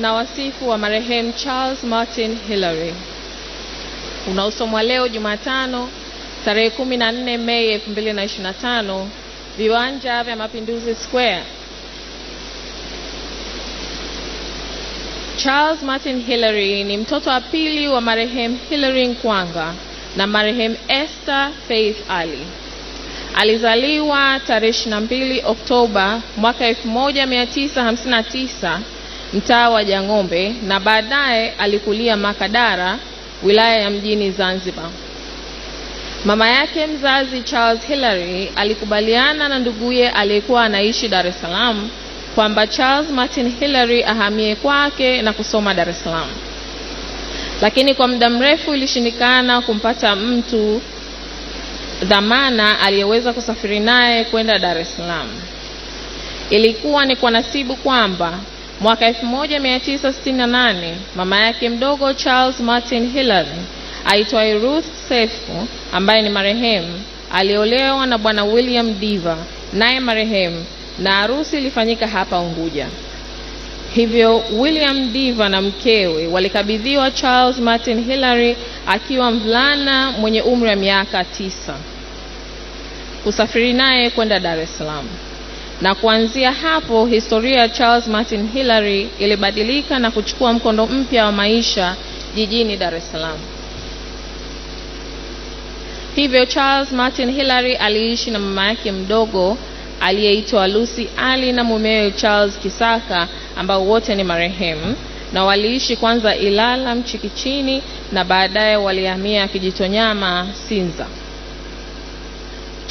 na wasifu wa marehemu Charles Martin Hilary unaosomwa leo Jumatano tarehe 14 Mei 2025, viwanja vya Mapinduzi Square. Charles Martin Hilary ni mtoto wa pili wa marehemu Hilary Nkwanga na marehemu Esther Faith Ali. Alizaliwa tarehe 22 Oktoba mwaka 1959 mtaa wa Jang'ombe na baadaye alikulia Makadara, wilaya ya Mjini Zanzibar. Mama yake mzazi Charles Hilary alikubaliana na nduguye aliyekuwa anaishi Dar es Salaam kwamba Charles Martin Hilary ahamie kwake na kusoma Dar es Salaam, lakini kwa muda mrefu ilishindikana kumpata mtu dhamana aliyeweza kusafiri naye kwenda Dar es Salaam. Ilikuwa ni kwa nasibu kwamba Mwaka 1968 mama yake mdogo Charles Martin Hillard aitwaye Ruth Sefu ambaye ni marehemu aliolewa na bwana William Diva naye marehemu, na harusi ilifanyika hapa Unguja. Hivyo William Diva na mkewe walikabidhiwa Charles Martin Hillary akiwa mvulana mwenye umri wa miaka tisa, kusafiri naye kwenda Dar es Salaam na kuanzia hapo historia ya Charles Martin Hillary ilibadilika na kuchukua mkondo mpya wa maisha jijini Dar es Salaam. Hivyo Charles Martin Hillary aliishi na mama yake mdogo aliyeitwa Lucy Ali na mumewe Charles Kisaka ambao wote ni marehemu na waliishi kwanza Ilala Mchikichini na baadaye walihamia Kijitonyama Sinza.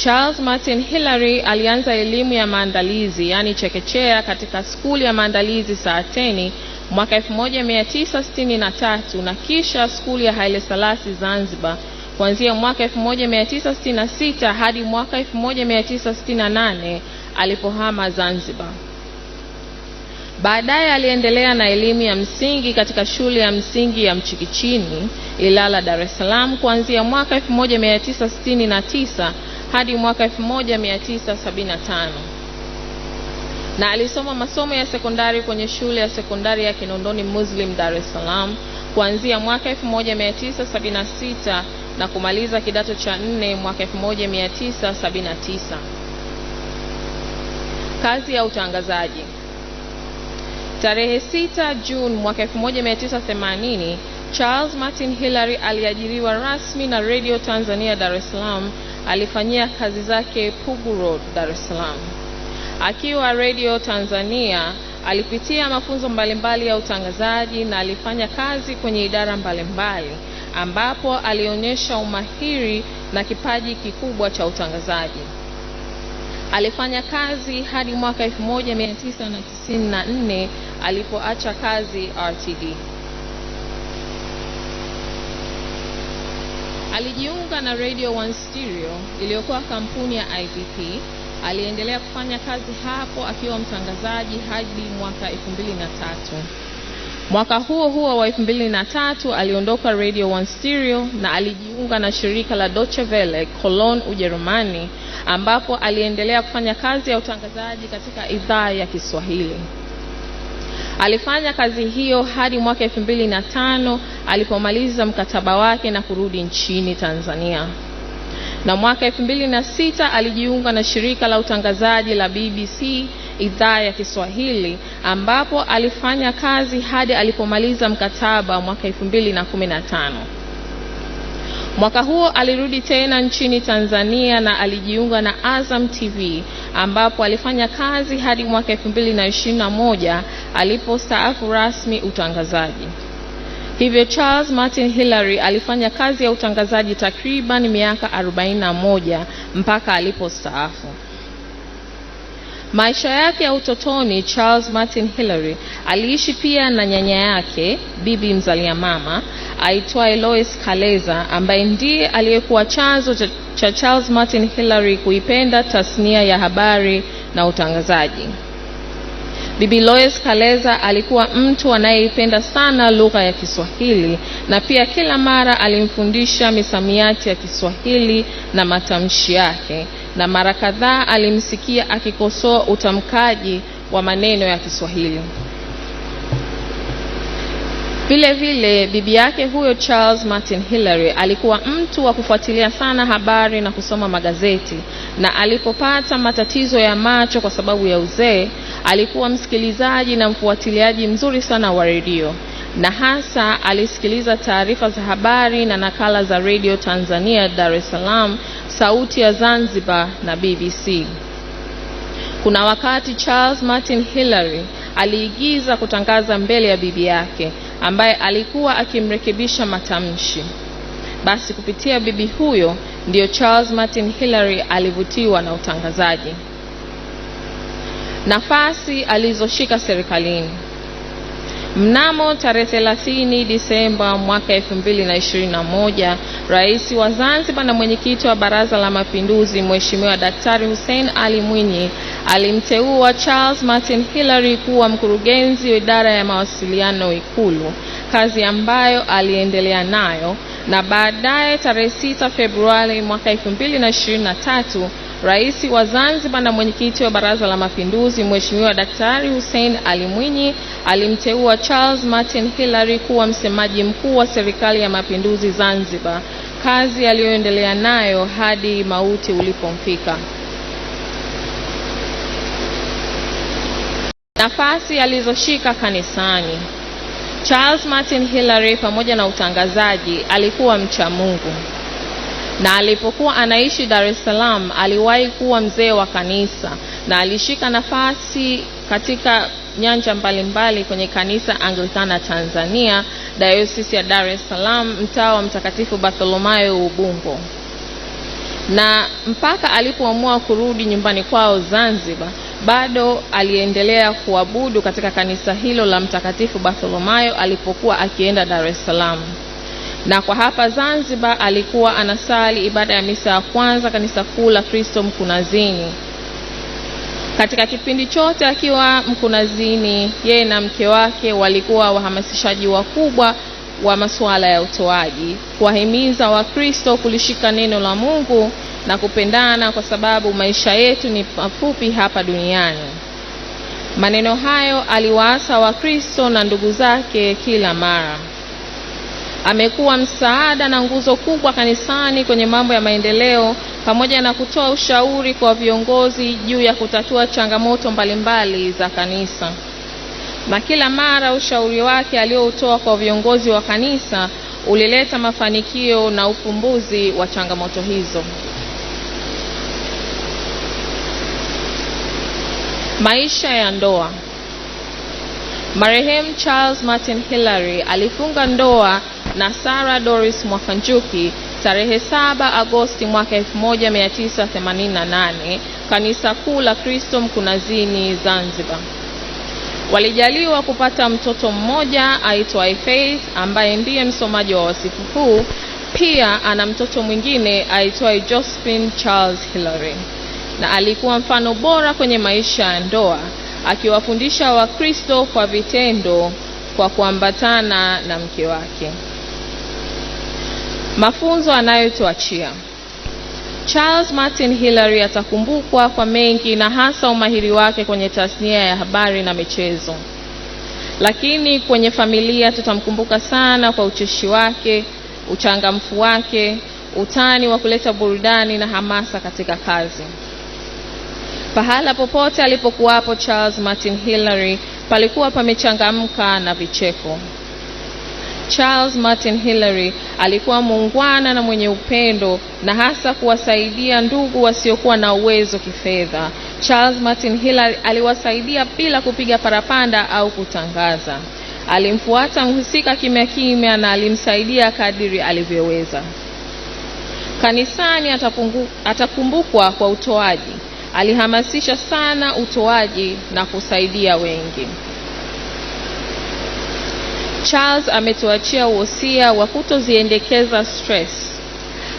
Charles Martin Hillary alianza elimu ya maandalizi yaani chekechea katika skuli ya maandalizi Saateni mwaka 1963 na kisha skuli ya Haile Selassie Zanzibar kuanzia mwaka 1966 hadi mwaka 1968 alipohama Zanzibar. Baadaye aliendelea na elimu ya msingi katika shule ya msingi ya Mchikichini Ilala, Dar es Salaam kuanzia mwaka 1969 hadi mwaka 1975 na alisoma masomo ya sekondari kwenye shule ya sekondari ya Kinondoni Muslim Dar es Salaam kuanzia mwaka 1976 na kumaliza kidato cha nne mwaka 1979. Kazi ya utangazaji. Tarehe 6 Juni mwaka 1980, Charles Martin Hillary aliajiriwa rasmi na Radio Tanzania Dar es Salaam alifanyia kazi zake Pugu Road, Dar es Salaam. Akiwa Radio Tanzania alipitia mafunzo mbalimbali ya utangazaji na alifanya kazi kwenye idara mbalimbali ambapo alionyesha umahiri na kipaji kikubwa cha utangazaji. Alifanya kazi hadi mwaka 1994 alipoacha kazi RTD. Alijiunga na Radio One Stereo iliyokuwa kampuni ya IPP. Aliendelea kufanya kazi hapo akiwa mtangazaji hadi mwaka 2003. Mwaka huo huo wa 2003 aliondoka Radio One Stereo na alijiunga na shirika la Deutsche Welle Cologne, Ujerumani ambapo aliendelea kufanya kazi ya utangazaji katika idhaa ya Kiswahili. Alifanya kazi hiyo hadi mwaka elfu mbili na tano alipomaliza mkataba wake na kurudi nchini Tanzania, na mwaka elfu mbili na sita alijiunga na shirika la utangazaji la BBC idhaa ya Kiswahili ambapo alifanya kazi hadi alipomaliza mkataba mwaka elfu mbili na kumi na tano. Mwaka huo alirudi tena nchini Tanzania na alijiunga na Azam TV ambapo alifanya kazi hadi mwaka 2021 alipostaafu rasmi utangazaji. Hivyo Charles Martin Hillary alifanya kazi ya utangazaji takriban miaka 41 mpaka alipostaafu. Maisha yake ya utotoni, Charles Martin Hillary aliishi pia na nyanya yake, bibi mzalia mama aitwaye Lois Kaleza ambaye ndiye aliyekuwa chanzo cha Charles Martin Hillary kuipenda tasnia ya habari na utangazaji. Bibi Lois Kaleza alikuwa mtu anayeipenda sana lugha ya Kiswahili na pia kila mara alimfundisha misamiati ya Kiswahili na matamshi yake, na mara kadhaa alimsikia akikosoa utamkaji wa maneno ya Kiswahili. Vile vile bibi yake huyo Charles Martin Hillary alikuwa mtu wa kufuatilia sana habari na kusoma magazeti, na alipopata matatizo ya macho kwa sababu ya uzee, alikuwa msikilizaji na mfuatiliaji mzuri sana wa redio, na hasa alisikiliza taarifa za habari na nakala za redio Tanzania, Dar es Salaam, Sauti ya Zanzibar na BBC. Kuna wakati Charles Martin Hillary aliigiza kutangaza mbele ya bibi yake ambaye alikuwa akimrekebisha matamshi. Basi kupitia bibi huyo ndiyo Charles Martin Hillary alivutiwa na utangazaji, nafasi alizoshika serikalini. Mnamo tarehe 30 Disemba mwaka 2021, Rais wa Zanzibar na mwenyekiti wa Baraza la Mapinduzi Mheshimiwa Daktari Hussein Ali Mwinyi alimteua Charles Martin Hilary kuwa mkurugenzi wa idara ya mawasiliano Ikulu, kazi ambayo aliendelea nayo na baadaye tarehe 6 Februari mwaka 2023 Rais wa Zanzibar na mwenyekiti wa Baraza la Mapinduzi Mheshimiwa Daktari Hussein Ali Mwinyi alimteua Charles Martin Hilary kuwa msemaji mkuu wa Serikali ya Mapinduzi Zanzibar, kazi aliyoendelea nayo hadi mauti ulipomfika. Nafasi alizoshika kanisani. Charles Martin Hilary pamoja na utangazaji alikuwa mcha Mungu na alipokuwa anaishi Dar es Salaam aliwahi kuwa mzee wa kanisa na alishika nafasi katika nyanja mbalimbali kwenye kanisa Anglikana Tanzania, Dayosisi ya Dar es Salaam, mtaa wa Mtakatifu Bartholomayo Ubungo, na mpaka alipoamua kurudi nyumbani kwao Zanzibar, bado aliendelea kuabudu katika kanisa hilo la Mtakatifu Bartholomayo alipokuwa akienda Dar es Salaam na kwa hapa Zanzibar alikuwa anasali ibada ya misa ya kwanza kanisa kuu la Kristo Mkunazini. Katika kipindi chote akiwa Mkunazini, yeye na mke wake walikuwa wahamasishaji wakubwa wa masuala ya utoaji, kuwahimiza Wakristo kulishika neno la Mungu na kupendana, kwa sababu maisha yetu ni mafupi hapa duniani. Maneno hayo aliwaasa Wakristo na ndugu zake kila mara. Amekuwa msaada na nguzo kubwa kanisani kwenye mambo ya maendeleo pamoja na kutoa ushauri kwa viongozi juu ya kutatua changamoto mbalimbali za kanisa. Na kila mara ushauri wake aliyoutoa kwa viongozi wa kanisa ulileta mafanikio na ufumbuzi wa changamoto hizo. Maisha ya ndoa. Marehemu Charles Martin Hillary alifunga ndoa na sara Doris Mwakanjuki tarehe 7 Agosti mwaka 1988 Kanisa Kuu la Kristo Mkunazini, Zanzibar. Walijaliwa kupata mtoto mmoja aitwaye Faith ambaye ndiye msomaji wa wasifu huu. Pia ana mtoto mwingine aitwaye Josephine Charles Hillary, na alikuwa mfano bora kwenye maisha ya ndoa, akiwafundisha Wakristo kwa vitendo kwa kuambatana na mke wake. Mafunzo anayotuachia Charles Martin Hillary atakumbukwa kwa mengi na hasa umahiri wake kwenye tasnia ya habari na michezo, lakini kwenye familia tutamkumbuka sana kwa ucheshi wake, uchangamfu wake, utani wa kuleta burudani na hamasa katika kazi. Pahala popote alipokuwapo Charles Martin Hillary palikuwa pamechangamka na vicheko. Charles Martin Hillary alikuwa muungwana na mwenye upendo na hasa kuwasaidia ndugu wasiokuwa na uwezo kifedha. Charles Martin Hillary aliwasaidia bila kupiga parapanda au kutangaza. Alimfuata mhusika kimya kimya na alimsaidia kadiri alivyoweza. Kanisani atapungu, atakumbukwa kwa utoaji. Alihamasisha sana utoaji na kusaidia wengi. Charles ametuachia wosia wa kutoziendekeza stress.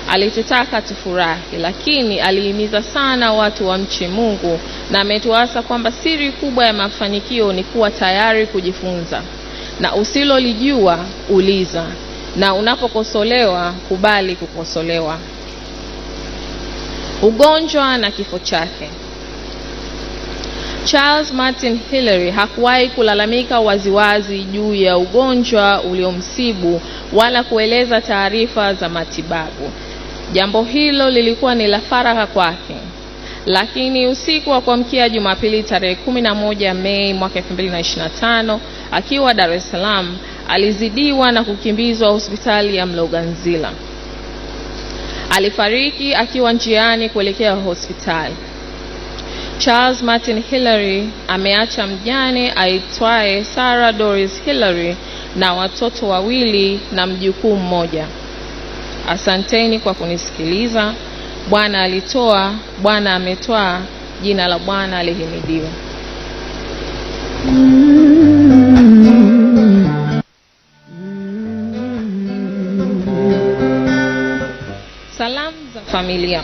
Alitutaka tufurahi, lakini alihimiza sana watu wamche Mungu na ametuasa kwamba siri kubwa ya mafanikio ni kuwa tayari kujifunza, na usilolijua uliza, na unapokosolewa kubali kukosolewa. Ugonjwa na kifo chake. Charles Martin Hillary hakuwahi kulalamika waziwazi juu ya ugonjwa uliomsibu wala kueleza taarifa za matibabu. Jambo hilo lilikuwa ni la faragha kwake. Lakini usiku wa kuamkia Jumapili tarehe 11 Mei mwaka 2025 akiwa Dar es Salaam alizidiwa na kukimbizwa hospitali ya Mloganzila. Alifariki akiwa njiani kuelekea hospitali. Charles Martin Hillary ameacha mjane aitwaye Sarah Doris Hillary na watoto wawili na mjukuu mmoja. Asanteni kwa kunisikiliza. Bwana alitoa, Bwana ametwaa, jina la Bwana alihimidiwe. Salamu za familia.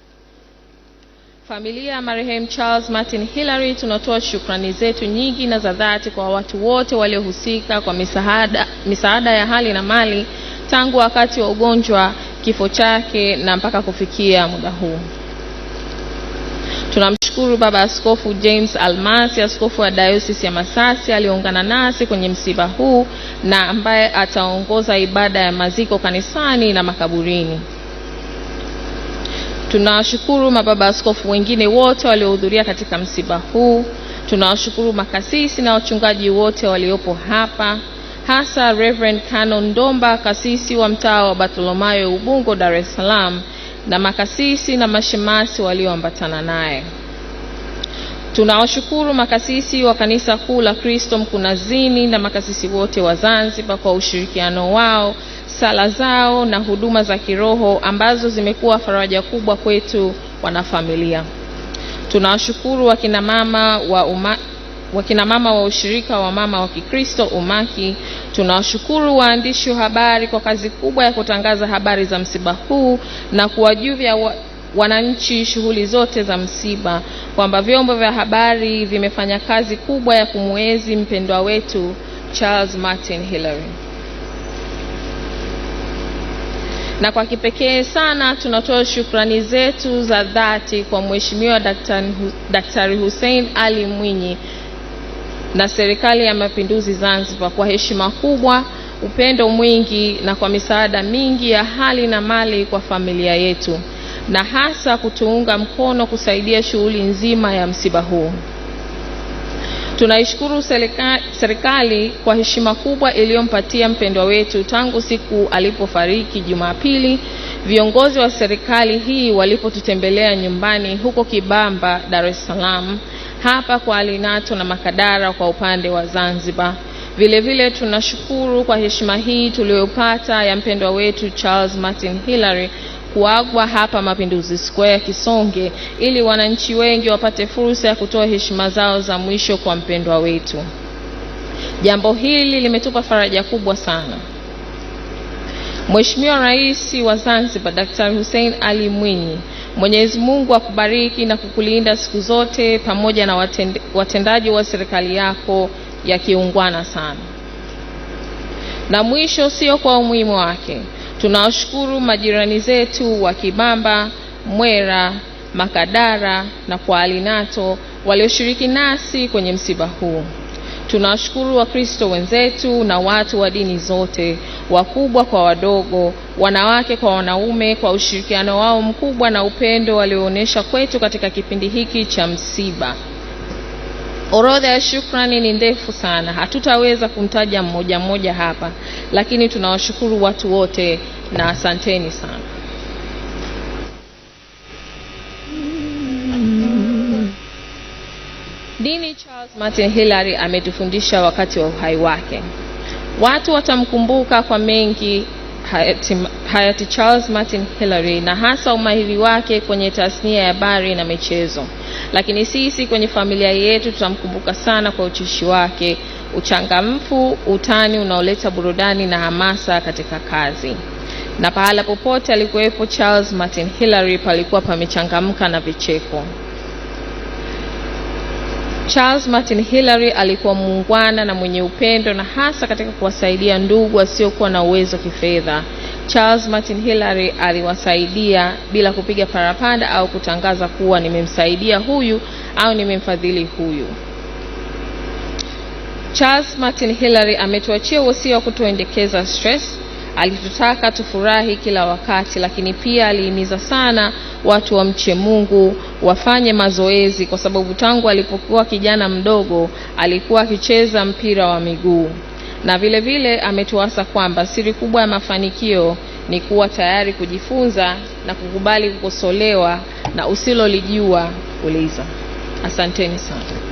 Familia ya marehemu Charles Martin Hilary tunatoa shukrani zetu nyingi na za dhati kwa watu wote waliohusika kwa misaada, misaada ya hali na mali tangu wakati wa ugonjwa, kifo chake na mpaka kufikia muda huu. Tunamshukuru Baba Askofu James Almasi, askofu wa Diocese ya Masasi aliyeungana nasi kwenye msiba huu na ambaye ataongoza ibada ya maziko kanisani na makaburini. Tunawashukuru mababa askofu wengine wote waliohudhuria katika msiba huu. Tunawashukuru makasisi na wachungaji wote waliopo hapa, hasa Reverend Canon Ndomba, kasisi wa mtaa wa bartolomayo Ubungo, Dar es Salaam, na makasisi na mashemasi walioambatana naye. Tunawashukuru makasisi wa Kanisa Kuu la Kristo Mkunazini na makasisi wote wa Zanzibar kwa ushirikiano wao sala zao na huduma za kiroho ambazo zimekuwa faraja kubwa kwetu wanafamilia. Tunawashukuru wakinamama wa uma, mama wa ushirika wa mama wa Kikristo Umaki. Tunawashukuru waandishi wa habari kwa kazi kubwa ya kutangaza habari za msiba huu na kuwajuvya wa, wananchi shughuli zote za msiba, kwamba vyombo vya habari vimefanya kazi kubwa ya kumwezi mpendwa wetu Charles Martin Hillary. Na kwa kipekee sana tunatoa shukrani zetu za dhati kwa Mheshimiwa Daktari Hussein Ali Mwinyi na Serikali ya Mapinduzi Zanzibar kwa heshima kubwa, upendo mwingi na kwa misaada mingi ya hali na mali kwa familia yetu na hasa kutuunga mkono kusaidia shughuli nzima ya msiba huu. Tunaishukuru serikali kwa heshima kubwa iliyompatia mpendwa wetu tangu siku alipofariki Jumapili, viongozi wa serikali hii walipotutembelea nyumbani huko Kibamba, Dar es Salaam, hapa kwa Alinato na Makadara kwa upande wa Zanzibar. Vilevile tunashukuru kwa heshima hii tuliyopata ya mpendwa wetu Charles Martin Hilary kuagwa hapa Mapinduzi Square Kisonge, ili wananchi wengi wapate fursa ya kutoa heshima zao za mwisho kwa mpendwa wetu. Jambo hili limetupa faraja kubwa sana. Mheshimiwa Rais wa Zanzibar Daktari Hussein Ali Mwinyi, Mwenyezi Mungu akubariki na kukulinda siku zote pamoja na watende, watendaji wa serikali yako ya kiungwana sana. Na mwisho sio kwa umuhimu wake Tunawashukuru majirani zetu wa Kibamba, Mwera, Makadara na kwa Alinato walioshiriki nasi kwenye msiba huu. Tunawashukuru Wakristo wenzetu na watu wa dini zote, wakubwa kwa wadogo, wanawake kwa wanaume, kwa ushirikiano wao mkubwa na upendo walioonyesha kwetu katika kipindi hiki cha msiba. Orodha ya shukrani ni ndefu sana, hatutaweza kumtaja mmoja mmoja hapa, lakini tunawashukuru watu wote na asanteni sana. Dini Charles Martin Hillary ametufundisha wakati wa uhai wake. Watu watamkumbuka kwa mengi hayati, hayati Charles Martin Hillary na hasa umahiri wake kwenye tasnia ya habari na michezo lakini sisi kwenye familia yetu tutamkumbuka sana kwa ucheshi wake, uchangamfu, utani unaoleta burudani na hamasa katika kazi. Na pahala popote alikuwepo Charles Martin Hillary palikuwa pamechangamka na vicheko. Charles Martin Hillary alikuwa muungwana na mwenye upendo na hasa katika kuwasaidia ndugu wasiokuwa na uwezo kifedha. Charles Martin Hillary aliwasaidia bila kupiga parapanda au kutangaza kuwa nimemsaidia huyu au nimemfadhili huyu. Charles Martin Hillary ametuachia wosia wa kutoendekeza stress. Alitutaka tufurahi kila wakati, lakini pia alihimiza sana watu wamche Mungu, wafanye mazoezi, kwa sababu tangu alipokuwa kijana mdogo alikuwa akicheza mpira wa miguu na vilevile ametuasa kwamba siri kubwa ya mafanikio ni kuwa tayari kujifunza na kukubali kukosolewa na usilolijua uliza. Asanteni sana.